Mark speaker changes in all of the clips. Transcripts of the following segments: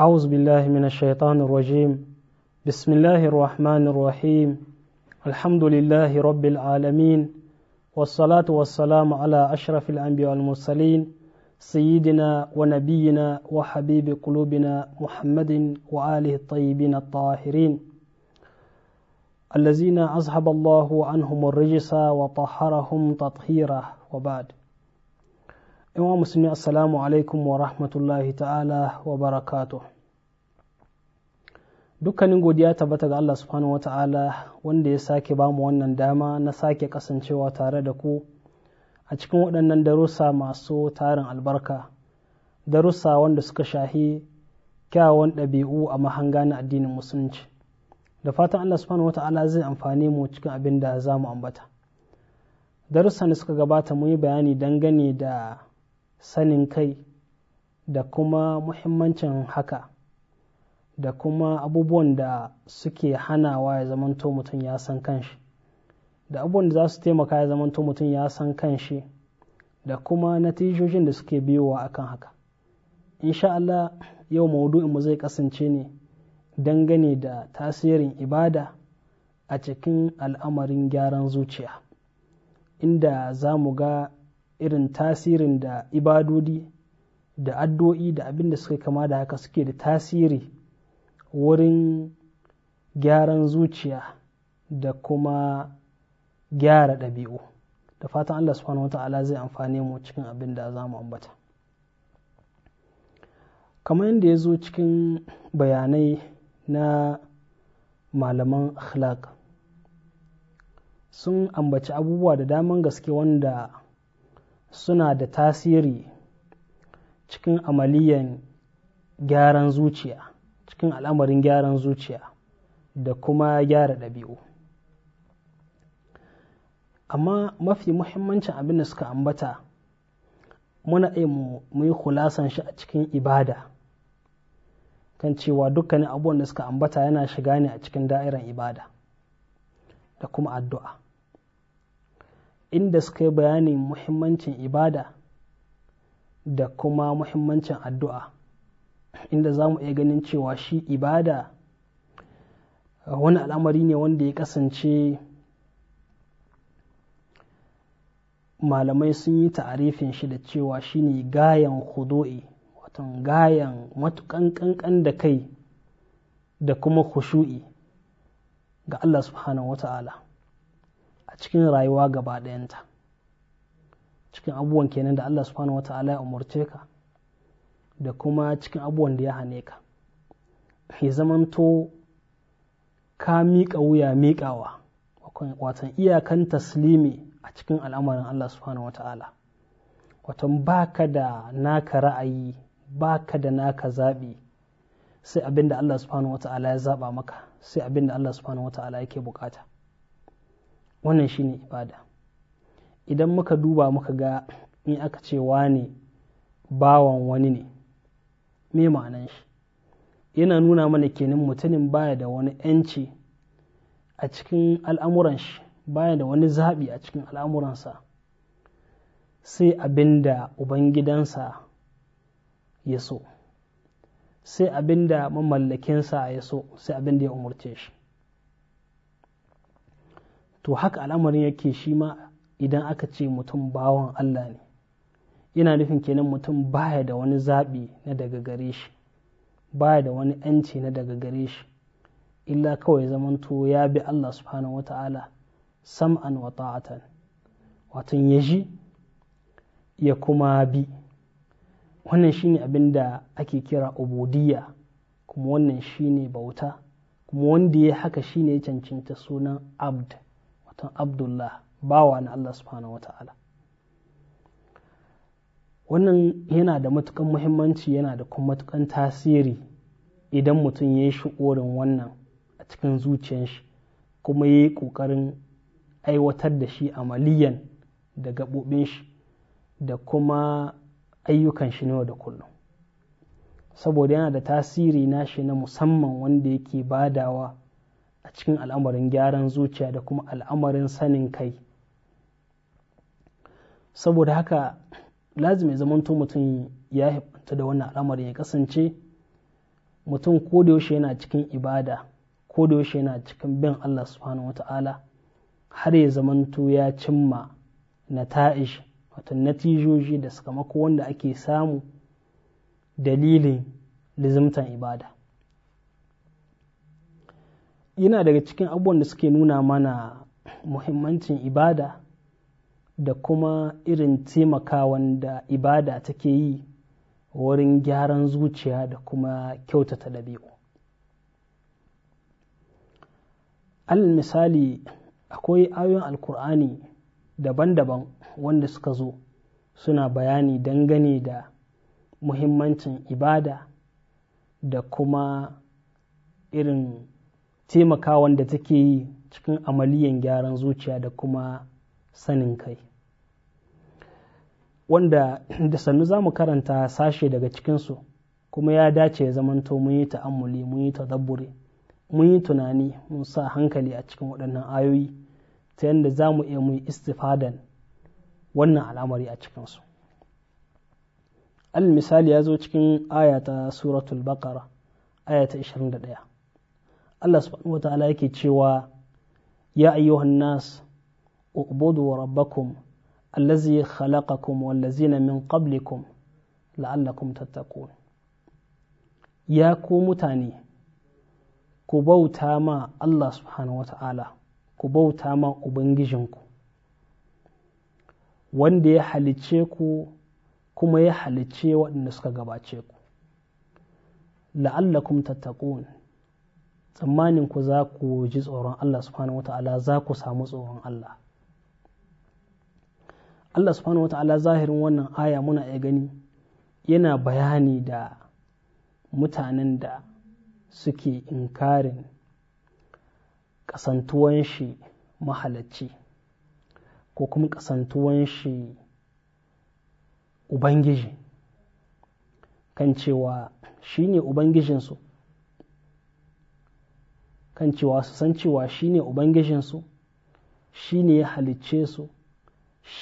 Speaker 1: أعوذ بالله من الشيطان الرجيم بسم الله الرحمن الرحيم الحمد لله رب العالمين والصلاة والسلام على أشرف الأنبياء والمرسلين سيدنا ونبينا وحبيب قلوبنا محمد وآله الطيبين الطاهرين الذين أذهب الله عنهم الرجس وطهرهم تطهيرا وبعد wa musulmi assalamu alaikum wa rahmatullahi ta'ala wa barakato. dukkanin godiya tabbata ga Allah subhanahu ta'ala wanda ya sake bamu wannan dama na sake kasancewa tare da ku a cikin waɗannan darussa masu tarin albarka darussa wanda suka shahi kyawun ɗabi'u a mahanga na addinin musulunci da fatan Allah subhanahu ta'ala zai amfani mu cikin abin da za mu ambata darussan da suka gabata mu yi bayani dangane da sanin kai da kuma muhimmancin haka da kuma abubuwan da suke hanawa ya zamanto mutum ya san kanshi da abubuwan da za su taimaka ya zamanto mutum ya san kanshi da kuma natijojin da suke biyowa akan haka insha Allah yau maudu'inmu zai kasance ne dangane da tasirin ibada a cikin al'amarin gyaran zuciya inda za mu ga irin tasirin da ibadodi da addu'o'i da abin da suka kama da haka suke da tasiri wurin gyaran zuciya da kuma gyara ɗabi'u da fatan Allah subhanahu wata'ala zai amfane mu cikin abin da za mu ambata kamar yadda ya zo cikin bayanai na malaman akhlaq sun ambaci abubuwa da daman gaske wanda suna da tasiri cikin amaliyan gyaran zuciya cikin al'amarin gyaran zuciya da kuma gyara ɗabi'u amma mafi muhimmancin abin da suka ambata muna iya mu yi kulasan shi a cikin ibada kan cewa dukkanin abubuwan da suka ambata yana shiga ne a cikin da'irar ibada da kuma addu'a inda suka yi bayanin muhimmancin ibada da kuma muhimmancin addu'a inda za mu iya ganin cewa shi ibada wani al'amari ne wanda ya kasance malamai sun yi ta'arifin shi da cewa shi ne gayan hudo'i watan gayan matukan kankan da kai da kuma khushu'i ga Allah subhanahu wa ta'ala a cikin rayuwa gaba ɗayanta cikin abubuwan kenan da Allah subhanahu wa ta'ala ya umarce ka da kuma cikin abubuwan da ya hane ka ya zamanto ka miƙa wuya miƙawa watan iyakan taslimi a cikin al'amarin Allah subhanahu wa ta'ala watan baka da naka ra'ayi baka da naka zaɓi sai abin Allah subhanahu wa ta'ala ya zaɓa maka sai abin Allah subhanahu wa ta'ala yake bukata wannan shine ibada idan muka duba muka ga in aka ce wane bawan wani ne me ma'anan shi yana nuna mana kenan mutumin baya da wani 'yanci a cikin al'amuran shi baya da wani zaɓi a cikin al'amuransa sai abin da ubangidansa ya so sai abin da mamallakinsa ya so sai abin da ya umarce shi to haka al'amarin yake shi ma idan aka ce mutum bawan Allah ne yana nufin kenan mutum baya da wani zaɓi na daga gare shi baya da wani ‘yanci na daga gare shi illa kawai zamanto ya bi Allah subhanahu wa ta'ala sam'an wa ta'atan watan ya ji ya kuma bi wannan shine abin da ake kira ubudiyya kuma wannan shine bauta kuma wanda ya haka shine ya cancanta sunan abd don abdullah bawa na Allah subhanahu wata'ala wannan yana da matukan muhimmanci yana da kuma matukan tasiri idan mutum ya yi shi'orin wannan a cikin zuciyar shi kuma ya yi ƙoƙarin aiwatar da shi a maliyan da gaɓoɓin shi da kuma ayyukan shi yau da kullum saboda yana da tasiri na shi na musamman wanda yake badawa a cikin al'amarin gyaran zuciya da kuma al'amarin sanin kai saboda haka lazimi zamanto mutum ya hibanta da wannan al'amarin ya kasance mutum yaushe yana cikin ibada kodayaushe yana cikin bin Allah subhanahu wa ta'ala har ya zamanto ya cimma na ta'ish wato natijoji da sakamako wanda ake samu dalilin lizimtan ibada yana daga cikin abubuwan da suke nuna mana muhimmancin ibada da kuma irin taimakawan da ibada take yi wurin gyaran zuciya da kuma kyautata dabi'u. al misali akwai ayoyin alkur'ani daban-daban wanda suka zo suna bayani dangane da muhimmancin ibada da kuma irin taimakawan wanda take yi cikin amaliyan gyaran zuciya da kuma sanin kai wanda da sannu za mu karanta sashe daga cikinsu kuma ya dace ya zamanto mun yi ta'ammuli mun yi tadabbure mun yi tunani mun sa hankali a cikin waɗannan ayoyi ta yadda za mu iya mu yi istifadan wannan al'amari a cikinsu al misali ya zo cikin ayata suratul baqara ayata 21 Allah subhanahu wata'ala yake cewa ya ayyuhan nas ubudu rabbakum allazi khalaqakum wallazina min qablikum la'allakum tattaqun ya ku mutane ku bauta ma Allah subhanahu wata'ala ku bauta ma ubangijinku wanda ya halicce ku kuma ya halicce waɗanda suka gabace ku la'allakum tattaqun tsammanin ku za ku ji tsoron Allah subhanahu wa ta'ala za ku samu tsoron Allah Allah subhanahu wa ta'ala zahirin wannan aya muna iya gani yana bayani da mutanen da suke inkarin kasantuwan shi mahalacci ko kuma kasantuwan shi ubangiji kan cewa shi ne ubangijinsu kan cewa su san cewa shi shine ubangijinsu ne ya halicce su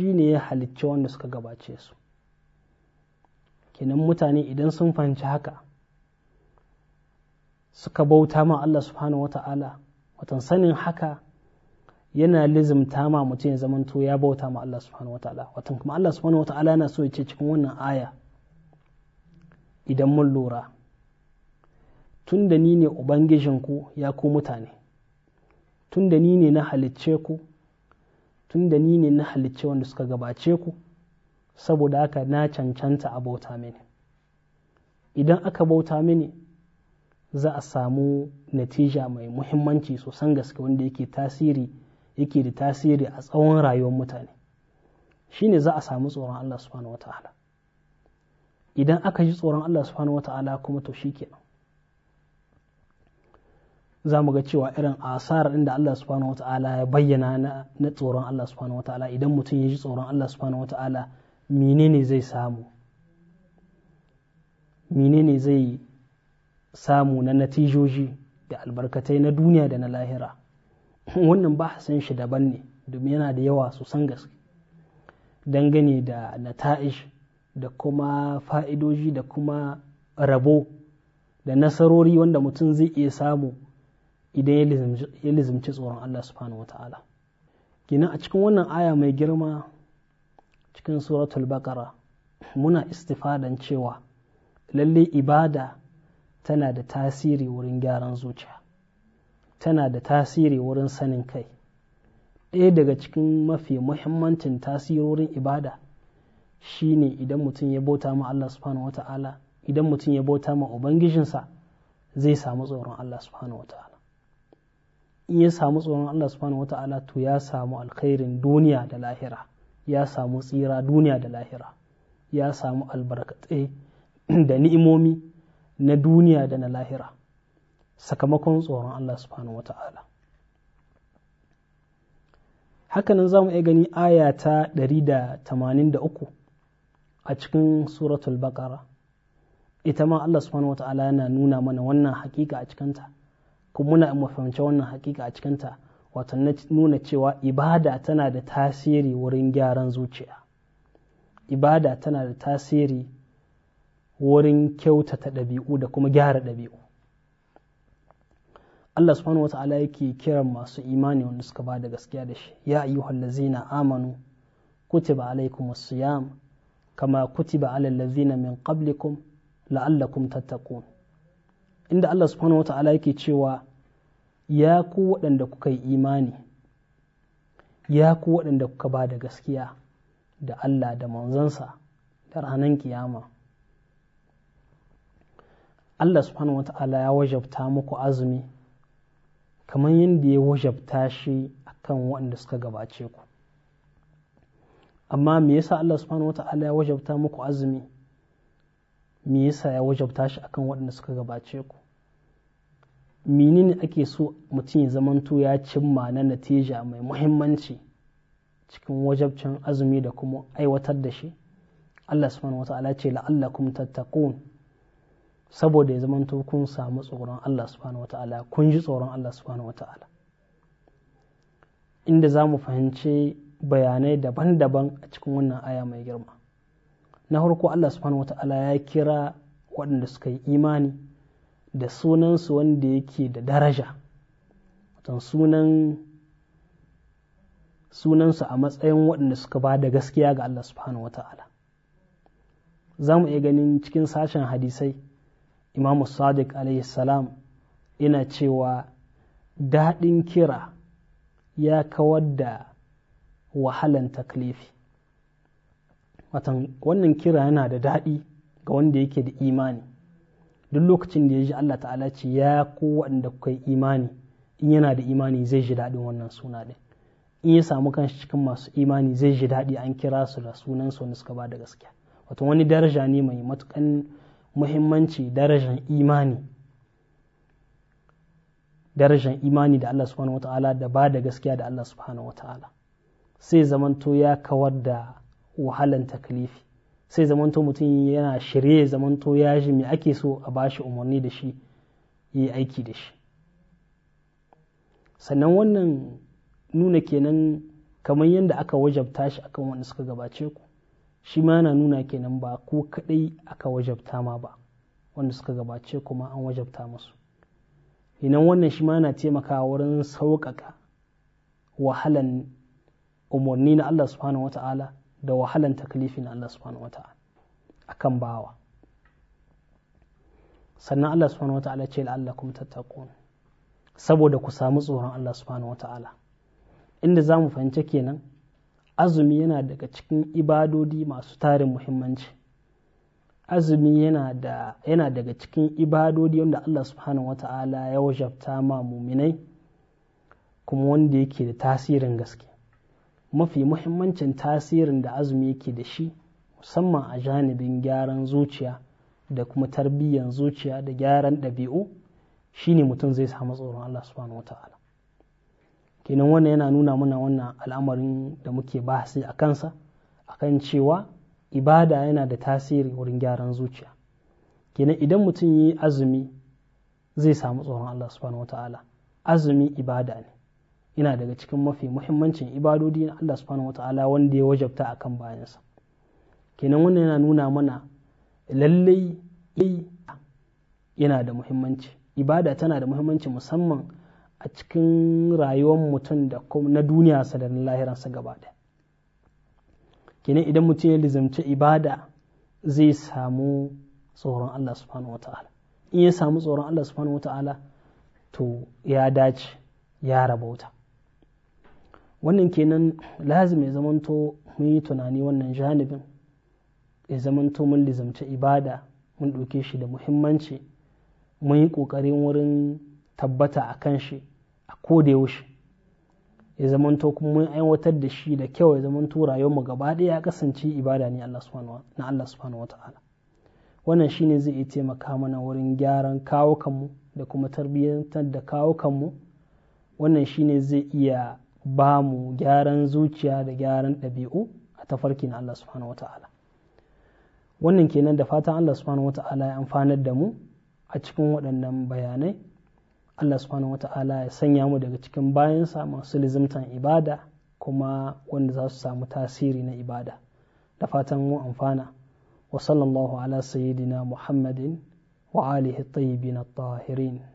Speaker 1: ne ya halicce wanda suka gabace su kenan mutane idan sun fahimci haka suka bauta ma Allah subhanahu wata'ala watan sanin haka yana lizimta ma mutum ya zamanto ya bauta ma Allah subhanahu wata'ala watan kuma Allah subhanahu wata'ala yana so ya ce cikin wannan aya idan mun lura tun da ni ne Ubangijinku ya ku mutane, tun da ni ne na halicce ku, tun da ni ne na halicce wanda suka gabace ku, saboda haka na cancanta a bauta mini. Idan aka bauta mini, za a samu natija mai muhimmanci sosan gaske wanda yake tasiri yake da tasiri a tsawon rayuwar mutane shine za a samu tsoron Allah subhanahu idan aka ji tsoron Allah subhanahu wata'ala kuma to kenan. za mu ga cewa irin asar ɗin da Allah subhanahu ta'ala ya bayyana na tsoron Allah subhanahu ta'ala idan mutum ya ji tsoron Allah subhanahu wata'ala menene zai samu menene zai samu na natijoji da albarkatai na duniya da na lahira wannan ba san shi daban ne domin yana da yawa su san gaske dangane da nata'ish da kuma fa'idoji da kuma rabo da nasarori wanda mutum zai iya samu idan ya lizimci tsoron Allah subhanahu wa ta'ala gina a cikin wannan aya mai girma cikin suratul baqara muna istifadan cewa lalle ibada tana da tasiri wurin gyaran zuciya tana da tasiri wurin sanin kai ɗaya daga cikin mafi muhimmancin tasirorin ibada shine idan mutum ya bauta ma Allah subhanahu wa ta'ala idan mutum ya bauta ma ubangijinsa zai samu tsoron Allah subhanahu wa ta'ala in ya samu tsoron Allah subhanahu wata'ala to ya samu alkhairin duniya da lahira ya samu tsira duniya da lahira ya samu albarkatse da ni'imomi na duniya da na lahira sakamakon tsoron Allah subhanahu wata'ala hakanan za mu iya gani aya ta 183 a cikin suratul baqara ita ma Allah subhanahu wata'ala yana nuna mana wannan hakika a cikinta kuma muna mu wannan hakika a cikinta wato nuna cewa ibada tana da tasiri wurin gyaran zuciya ibada tana da tasiri wurin kyautata ɗabi'u da kuma gyara ɗabi'u Allah subhanahu wata'ala yake kiran masu imani wanda suka ba da gaskiya da shi ya ayyuhal ladzina amanu kutiba alaikumus siyam kama kutiba alal ladzina min qablikum la'allakum tattaqun inda Allah subhanahu wa ta'ala yake cewa ya ku waɗanda kuka yi imani ya ku waɗanda kuka ba da gaskiya da Allah da manzansa da ranar kiyama Allah subhanahu wa ta'ala ya wajabta muku azumi kamar yadda ya wajabta shi akan waɗanda suka gabace ku amma me yasa Allah subhanahu wa ta'ala ya wajabta muku azumi me yasa ya wajabta shi akan waɗanda suka gabace ku menene ake so mutum ya zamanto ya cimma na natija mai muhimmanci cikin wajabcin azumi da kuma aiwatar da shi Allah subhanahu wa ta'ala ce la'allakum tattaqun saboda ya zamanto kun samu tsoron Allah subhanahu wa ta'ala kun ji tsoron Allah subhanahu wa ta'ala inda za mu fahimci bayanai daban-daban a cikin wannan aya mai girma na farko Allah subhanahu wa ta'ala ya kira waɗanda suka yi imani da sunansu wanda yake da daraja watan sunansu a matsayin waɗanda suka ba da gaskiya ga Allah subhanahu wata'ala za mu iya ganin cikin sashen hadisai imamu sadiq alayhi salam yana cewa daɗin kira ya kawar da wahalan taklifi wannan kira yana da daɗi ga wanda yake da imani duk lokacin da ya ji Allah ta'ala ce ya ku waɗanda kuka yi imani in yana da imani zai ji daɗin wannan suna ɗin in ya samu kanshi cikin masu imani zai ji daɗi an kira su da sunan su wanda suka ba da gaskiya wato wani daraja ne mai matukan muhimmanci darajan imani darajan imani da Allah subhanahu wata'ala da ba da gaskiya da Allah subhanahu wata'ala sai zamanto ya kawar da wahalan taklifi sai zamanto mutum yana shirye zamanto ya ji me ake so a ba shi umarni da shi yi aiki da shi sannan wannan nuna kenan kamar yadda aka wajabta shi akan wanda suka gabace ku shi ma yana nuna kenan ba ko kadai aka wajabta ma ba wanda suka gabace ku ma an wajabta musu inan wannan shi ma yana taimakawa wurin sauƙaƙa wahalan umarni na Allah subhanahu wata'ala da wahalan taklifin Allah subhanahu wata'ala akan bawa sannan Allah subhanahu wata'ala ce la'allakum tattaqun saboda ku samu tsoron Allah subhanahu wata'ala inda zamu fahimci kenan azumi yana daga cikin ibadodi masu tarin muhimmanci azumi yana yana daga cikin ibadodi wanda Allah subhanahu wata'ala ya wajabta ma muminai kuma wanda yake da tasirin gaske mafi muhimmancin tasirin da azumi yake da shi musamman a janibin gyaran zuciya da kuma tarbiyyan zuciya da gyaran ɗabi'u shine mutum zai samu tsoron Allah subhanahu wata'ala kenan wannan yana nuna mana wannan al'amarin da muke bahasi a kansa akan cewa ibada yana da tasiri wurin gyaran zuciya kenan idan mutum yi azumi zai samu tsoron Allah subhanahu wata'ala azumi ibada ne yana daga cikin mafi muhimmancin ibadodi na Allah subhanahu wata'ala wanda ya wajabta a kan bayansa kenan wannan yana nuna mana lallai yana da muhimmanci ibada tana da muhimmanci musamman a cikin rayuwar mutum da na sa da na lahiransa gaba ɗaya kenan idan mutum ya lizamci ibada zai samu tsoron Allah subhanahu wata'ala in ya samu tsoron Allah subhanahu wata'ala to ya dace ya rabauta wannan kenan lazim ya zamanto mun yi tunani wannan janibin ya zamanto mun lizamci ibada mun ɗauke shi da muhimmanci mun yi ƙoƙarin wurin tabbata a kan shi a yaushe ya zamanto kuma mun aiwatar da shi da kyau ya zamanto rayuwarmu gaba ɗaya ya kasance ibada ne na Allah subhanahu wa ta'ala wannan shine zai iya taimaka mana wurin gyaran kawo da kuma tarbiyyantar da kawo kanmu wannan shine zai iya ba mu gyaran zuciya da gyaran ɗabi'u a tafarki na Allah subhanahu wa ta'ala wannan kenan da fatan Allah subhanahu wa ta'ala ya amfanar da mu a cikin waɗannan bayanai Allah subhanahu wa ta'ala ya sanya mu daga cikin bayansa masu lizimtan ibada kuma wanda za su samu tasiri na ibada da fatan mu amfana wa sallallahu ala sayyidina muhammadin wa alihi tayyibin at-tahirin